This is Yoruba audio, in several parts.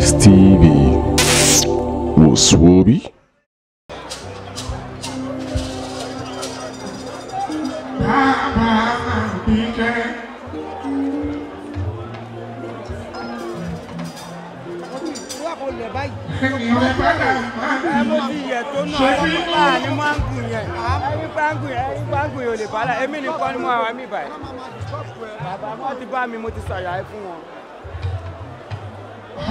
Space TV Muswobi. èmi nìkan ni mo àwọn àmì ìbàyẹ̀ bàbá wọn ti bá mi mo ti ṣàyà fún wọn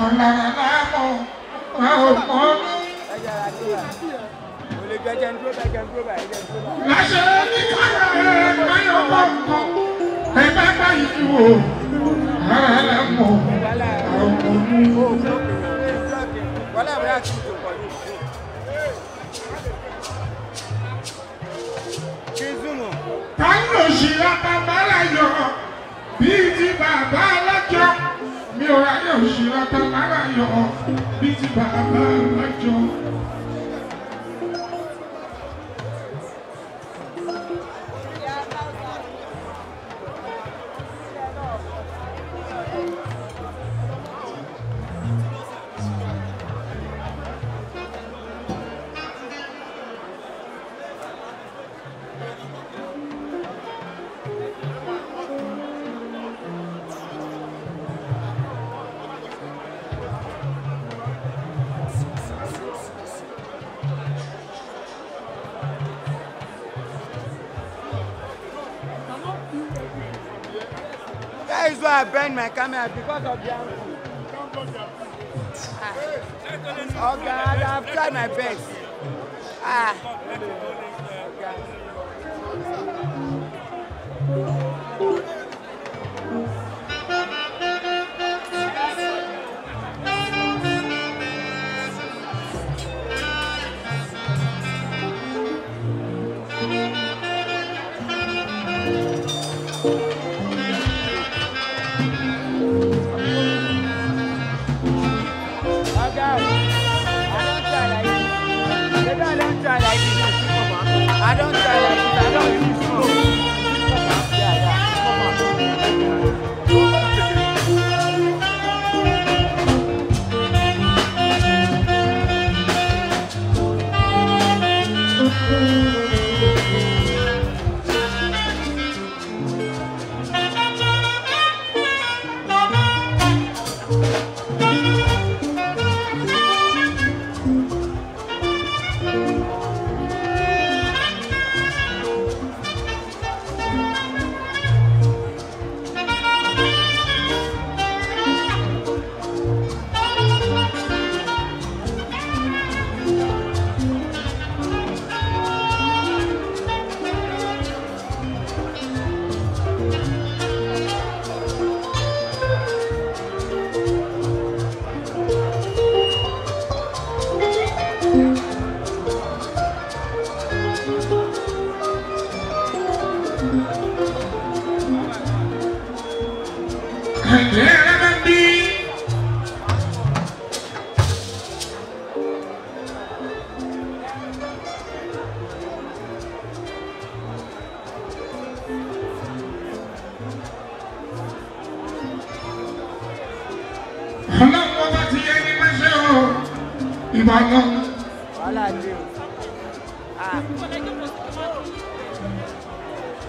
ọ̀la lámọ̀ wọn ò mọ́ ní. Láṣẹ ní kára ẹ̀ báyọ̀ bọ̀ mọ́, ẹ bá báyìí ju o, ààlà mọ̀, ọ̀pọ̀ ní. Wọ́n láwọn yá kí n tó pọ̀ ní ìlú. Táyọ̀ ṣì ra bàbá láyọ̀ bíi ti bàbá alájọ mi ò ráyè òṣìlá tá má ráyọ̀ bí ti bàbá àjọ. is why I bend my camera because of the ah. Oh God, I've tried my best. Ah. I don't try like this, I don't try try like this. I don't like this.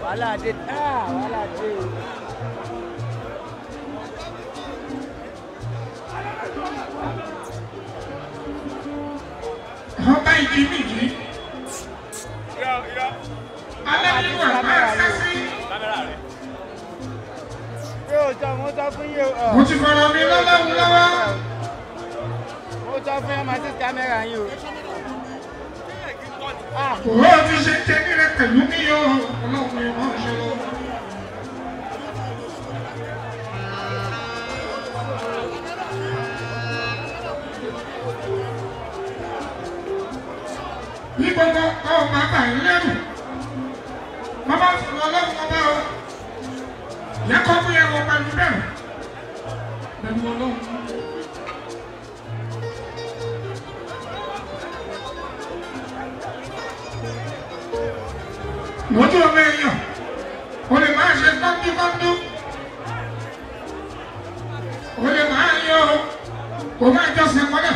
wàhálà dé táà ah, wàhálà dé o. wọ́n bá ìdí méjì. alẹ́nìwà bá ṣe sí. mo ti fọ̀rọ̀ mi lọ́lọ́run lọ́wọ́. mo sọ fún ẹ máa ti kámẹ́rà yín o àkùrọ̀ ọdún ṣe ń tẹ́lẹ̀ rẹ pẹ̀lú mi o ọlọ́run ẹ̀ máa ń ṣe lọ. ní gbogbo ọmọ àgbà lẹ́rù mama sọ̀rọ̀ ọlọ́run ọba o yẹ wojú ọmọ èèyàn o lè máa ṣe kọ́ńdúkọ́ńdú o lè máa yọ o máa jọ́sìn mọ́lẹ̀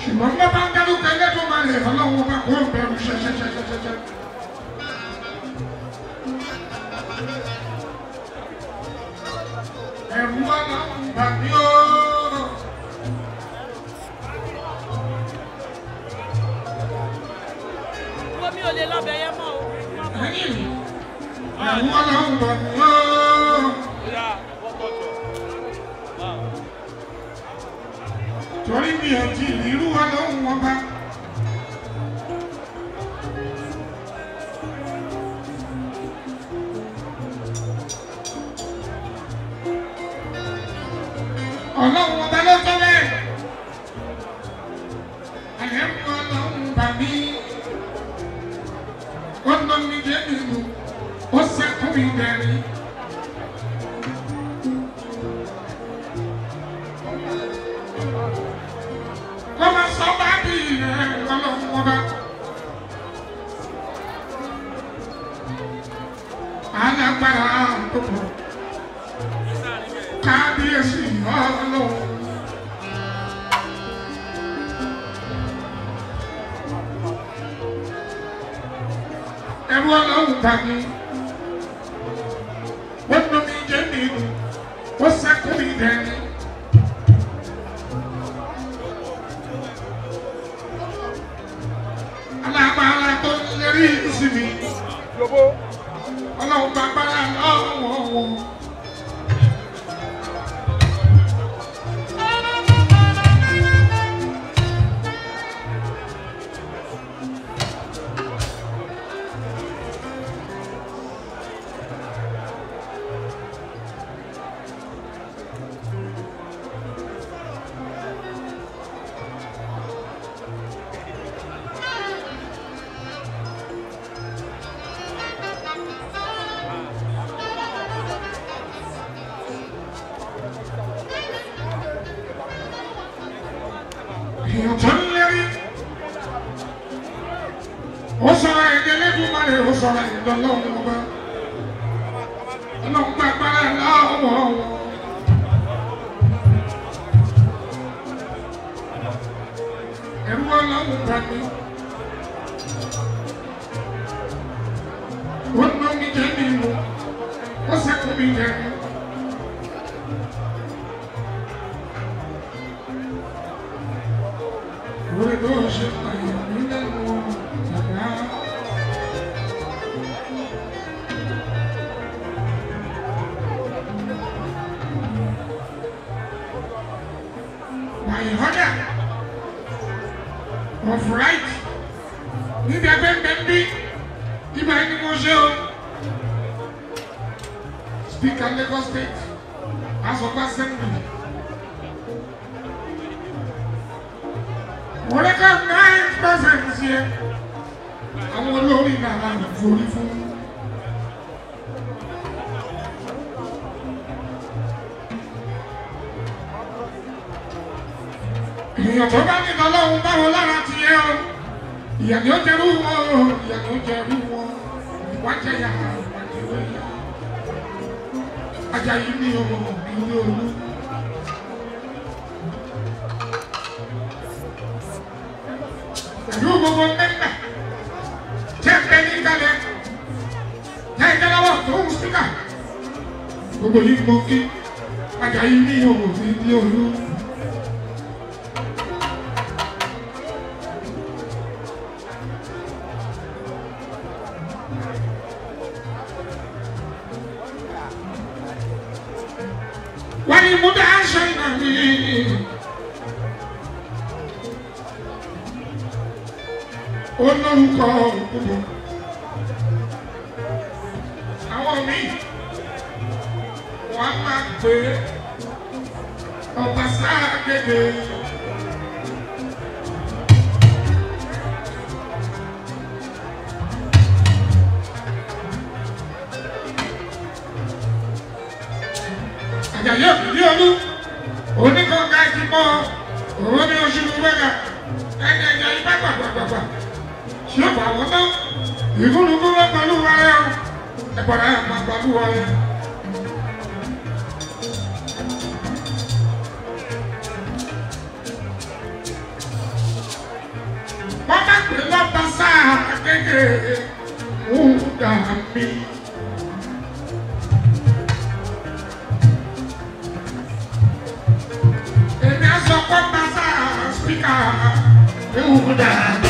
ṣùgbọ́n bá bá ń dárúkọ ẹlẹ́dùn máa lè ọlọ́wọ́ bá kó bẹ̀rù ṣẹṣẹṣẹṣẹṣẹ. ẹ̀rù wa máa ń bà mí o. wọ́n torí mi ò tí ìlú wọn ló ń wọn bá. ọlọ́run ọba ló dẹni. Kọ́mọ sọ́ba bí ìyẹn ọlọ́run ọba. Alágbára àkókò. Kábíyèsí ọlọ́run. Ẹ̀rú ọlọ́run bá mi. dání. alágbára tó ń lérí ìsinmi ọlọ́run sọ̀rọ̀ ìlú ọlọ́run mo bá ọlọ́run gbà agbára ẹ̀ láwọ̀ ọ̀wọ̀. ẹ̀rú ọlọ́run bá mi. Right, bright níbi ẹgbẹ́ mbẹ́mbí ibà ẹni mo ṣe speak speaker Lagos State as of Assembly. wọ́n lè ká nine percent ṣe àwọn olórí nàrà nìforí fún. èèyàn tó bá ní tọ́lọ́run bá wọn lára ti yẹ o ìyà ni ó jẹrú wọn o ìyà ni ó jẹrú wọn ìwà jẹyà ìwà jẹwé yà Àjàyí mi ò ilé olú. pẹ̀lú gbogbo mẹ́ta tẹ́ pẹ́ ní kalẹ̀ tẹ́ ìdálọ́wọ́ tó ń síkà gbogbo yìí mo kí Àjàyí mi ò olú. olórúkọ òkúbo àwọn míì wọn á máa pè é ọba sáàgèdè. Àjàyè òkìdí olú oníkọ̀ọ́ká ti bọ́ òun ní ṣé kò àwọn tán ìfúnnukú bá pẹ̀lú wa ẹ o ẹ̀pọ̀ra ẹ̀ máa pẹ̀lú wa ẹ. wọ́n bá pè lọ́tọ̀ sáà kékeré mú dàmí. èmi á sọ pé pàṣẹ àspíkà mú dàmí.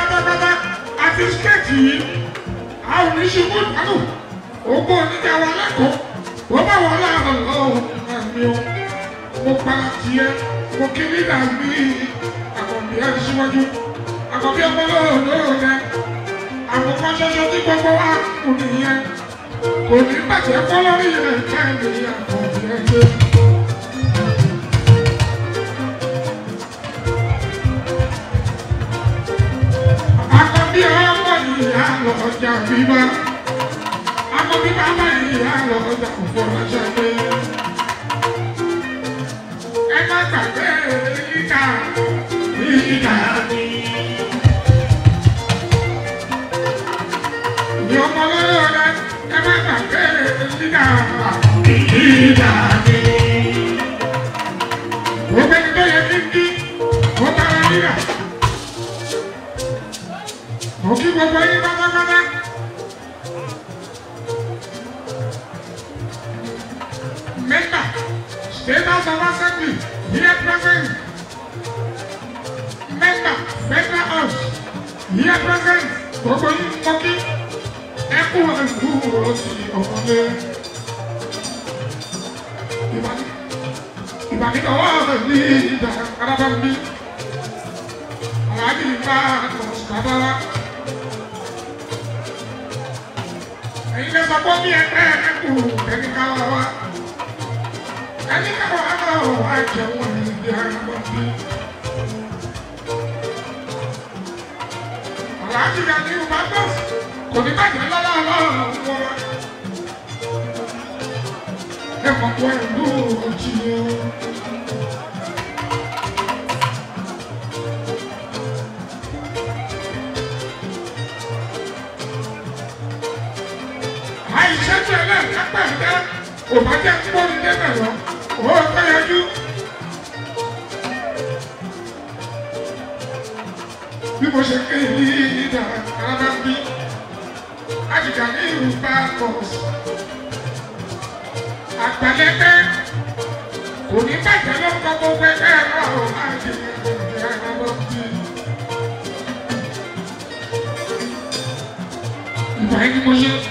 bisikẹ́ẹ̀tì yìí a ò ní ṣubú ìpàdù ògbó oníjà wa lẹ́kọ̀ọ́ wọ́n bá wọn láàrọ̀ lọ́wọ́ àmì o mo pa tiẹ̀ mo kí ní dàbí àkànbí ẹ̀ síwájú àkànbí ọmọ lóòrò rẹ àkókò ṣoṣo tí gbogbo wa kù nìyẹn kò ní bàjẹ́ fọlọ́rí rẹ̀ káàdì àkànbí ẹ̀ gbé. lọ ọjà bíbá. Akọ bíbá báyìí á lọ ọjà òfò ránṣẹ́ pé. Ẹ má gbàgbé yíká yíká mi. Ní ọmọ lọ́yọ̀ rẹ, ẹ má gbàgbé yíká yíká mi. mo kí gbogbo yín pátápátá. mẹ́ta state house of assembly here present mẹ́ta federal house here present gbogbo yín mo kí ẹ kú ẹkú òsì ọmọdé. ìbàdíkọ̀ wọ́n ní ìjà kárábà ń bí aláàbí bá àtọ̀ sábà wá. ṣe sọ pé bí ẹgbẹ́ ẹ kù ẹni ká wá wá ẹni ká wá náà wá jẹun ní ibi ẹranko bí. Aláàjì rẹ̀ ní ìwà náà kò ní bàjẹ́ lọ́wọ́ ọlọ́run wọn. Ẹ mọ̀ pé ìlú òjì yẹn. pàǹdà kò bá jẹ́ pọ́nmi débẹ̀ lọ òun ò fẹ́ yanjú. bí mo ṣe ké ní ìdá ara bí àjìjà ní ìlú bá bọ̀ àgbàlẹ́gbẹ́ kò ní bàjẹ́ ló ń kọ́ gbogbo ẹgbẹ́ ẹ̀rọ àwọn àjẹjẹ ìgbòmìnira ẹ̀rọ lọ bí. ìgbà yẹn ni mo ṣe.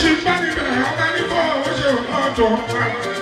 ṣe gbá níbẹ̀ ọba níbọ̀ ó ṣe ọ̀tọ̀ ọ̀tọ̀.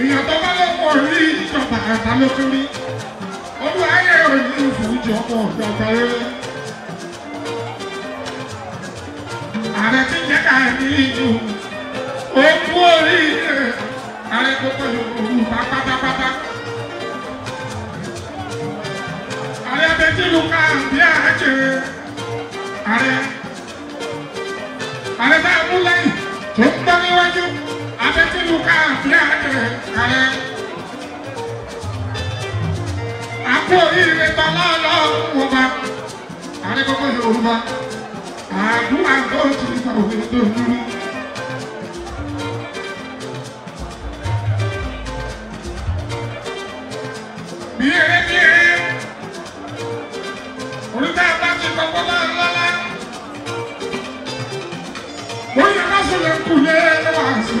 èèyàn tó bá lọ́pọ̀ rí ìjọba àgbà lókè rí olú ayé òní ìfúnjọ pọ̀ gbàgbàrẹ́. ààrẹ ti jẹ́ ká ní ìlú òkú orí rẹ̀ ààrẹ tó pẹ̀lú òun bá pátápátá. ààrẹ bẹ́tìlú ká bí ààrẹ jẹrẹ ààrẹ ààrẹ bá mú lẹ́yìn tó ń gbọ́ níwájú abẹ́tìlú káàfin àdè ààrẹ. àpò oríire balá lọ́wọ́ ọba ààrẹ gbogbo Yorùbá àdúrà tó ti gbà òwe tó dúró. bí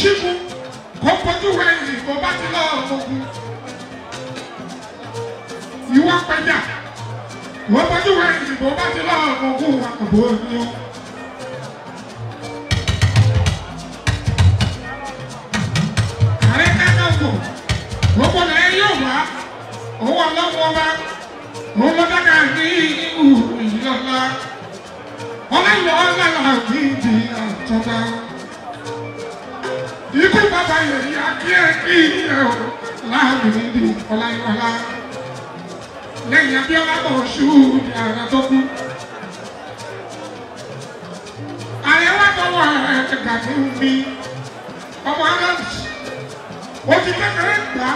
ṣíkú kó fojú wẹ̀yìn bó bá ti lọ́ọ́ ọ̀gbọ̀gbọ̀ ìwọ pẹja wọ́n fojú wẹ̀yìn bó bá ti lọ́ọ́ ọ̀gbọ̀gbọ̀ àkàbọ̀ ènìyàn. gbogbo lẹ́ yóò wá owó ọlọ́wọ́ wa òun dáka ní ìhù ìlọ́lá ọlọ́lọ́ ọlọ́lá ní ìdí àtọ́gbà ikú bàbá yèyí akíyèkí ẹ̀ o láàbì nídìí ọláyọ̀lá lẹ́yìn abíọ́lá bọ̀ ṣú ní ààrẹ tó kú. ààrẹ wá tọwọ́ ẹ̀ gàdí mi ọmọ aráàlú ó ti kékeré gbà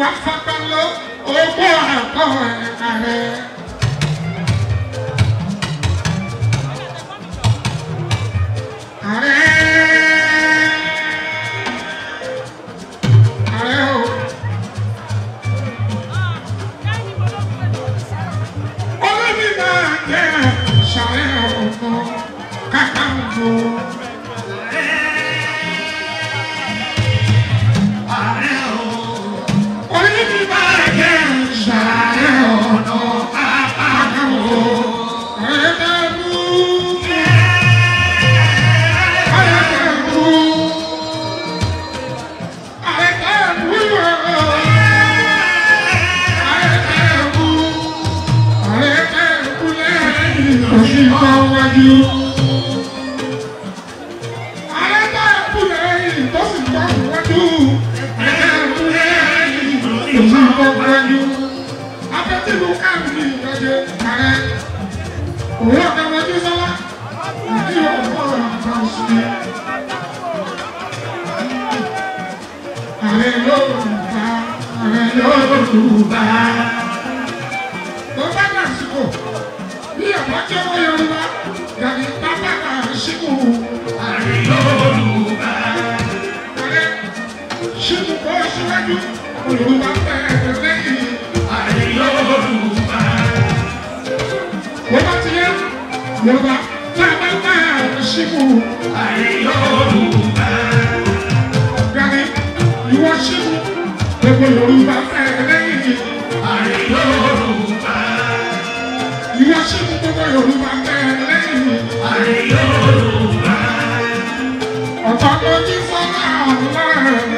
wá fagbá lọ owó àkọ́ ẹ̀ ààrẹ. kò sí ipa wájú. Alága àkúrẹ́ ẹ̀yìn tó sì pa wájú. Ẹ̀yà àkúrẹ́ ẹ̀yìn kò sí ipa wájú. síwájú olùwà pẹ̀lú lẹ́yìn àìlọ́ọ̀lùwà. Yorùbá ti yẹ Yorùbá tá a bá gbà ṣíkù àìlọ́ọ̀lùwà. Gani ìwọ ṣíkù gbogbo Yorùbá pẹ̀lú lẹ́yìn àìlọ́ọ̀lùwà. Ìwọ ṣíkù gbogbo Yorùbá pẹ̀lú lẹ́yìn àìlọ́ọ̀lùwà. Ọ̀pọ̀ lójú fọ́nà ọ̀la.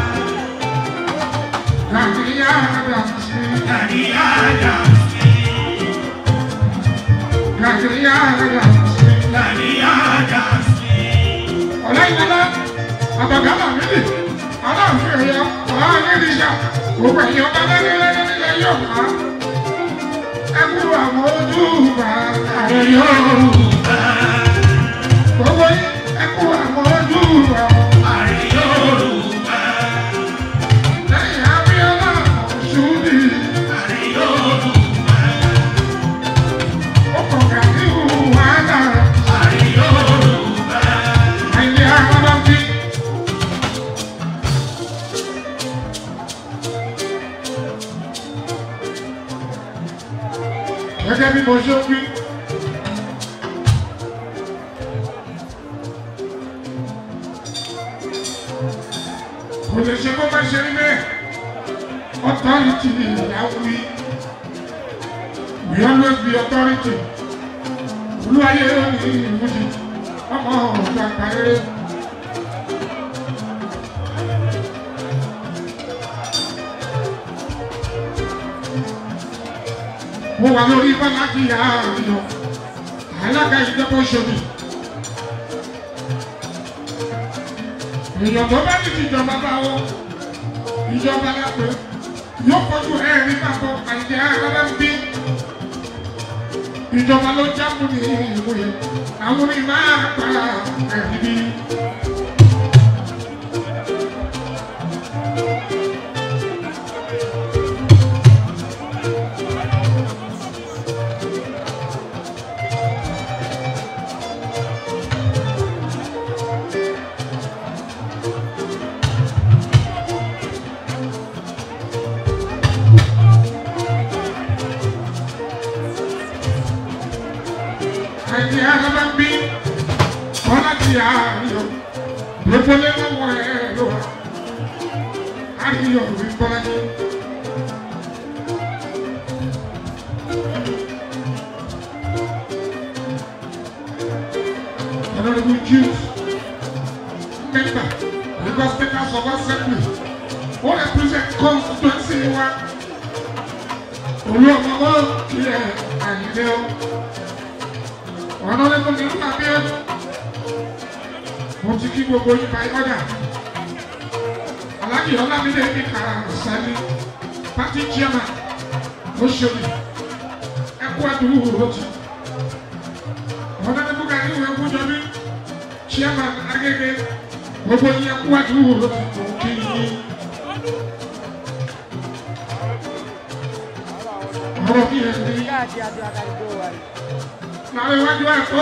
àbàgàlà níbi aláàfin ẹ̀yà ọ̀há nílìṣà gbogbo ẹ̀yà ọba lẹ́lẹ́lẹ́ nílẹ̀ yóò ká ẹkú àwọn ojú bá ààrẹ yóò gbogbo ẹkú àwọn ojú bá ààrẹ. gẹ́gẹ́ bí mo ṣe wí. kò lè ṣe kó máa ṣe authority ìyàwó mi we always be authority olúwayé ló ní ìmúṣẹ ọmọ ọ̀gá kàrẹ́rẹ́. mo wà lórí bálákìyà àrùnà alága ìjọba òṣòdì. èèyàn tó bá ní ti ìjọba bá wọ ìjọba lápẹ yóò fojú ẹ̀rí papọ̀ àìjẹ́ arábá ń bí ìjọba ló jákùn ní ìwé àwọn ìmáà ẹ̀rí bí. ayọ̀ gbogbo lẹ́nu wọ̀ ẹ́ ló wà ayọ̀ mi gbọ́dọ̀ yín. Honorable Jews, member, Lagos Speakers of Assembly, wọ́n represent constituency wa. Olú ọmọ bọ́ọ̀lù kí ẹ àyìnlẹ́ o. Honorable Nínú Abíọ́dún mo ti kí gbogbo yín báyìí mọ́dà aláàjì ọlámílẹ̀ ní kàràsálí pátí chairman ó ṣòlì ẹkú àdúgbò òhòtì ọ̀dọ́dún búkà ìwé ẹkújọbí chairman agége gbogbo yín ẹkú àdúgbò òhòtì kò kí yín. ọ̀rọ̀ mi ẹ̀ ní. láàrin wájú àkọ́.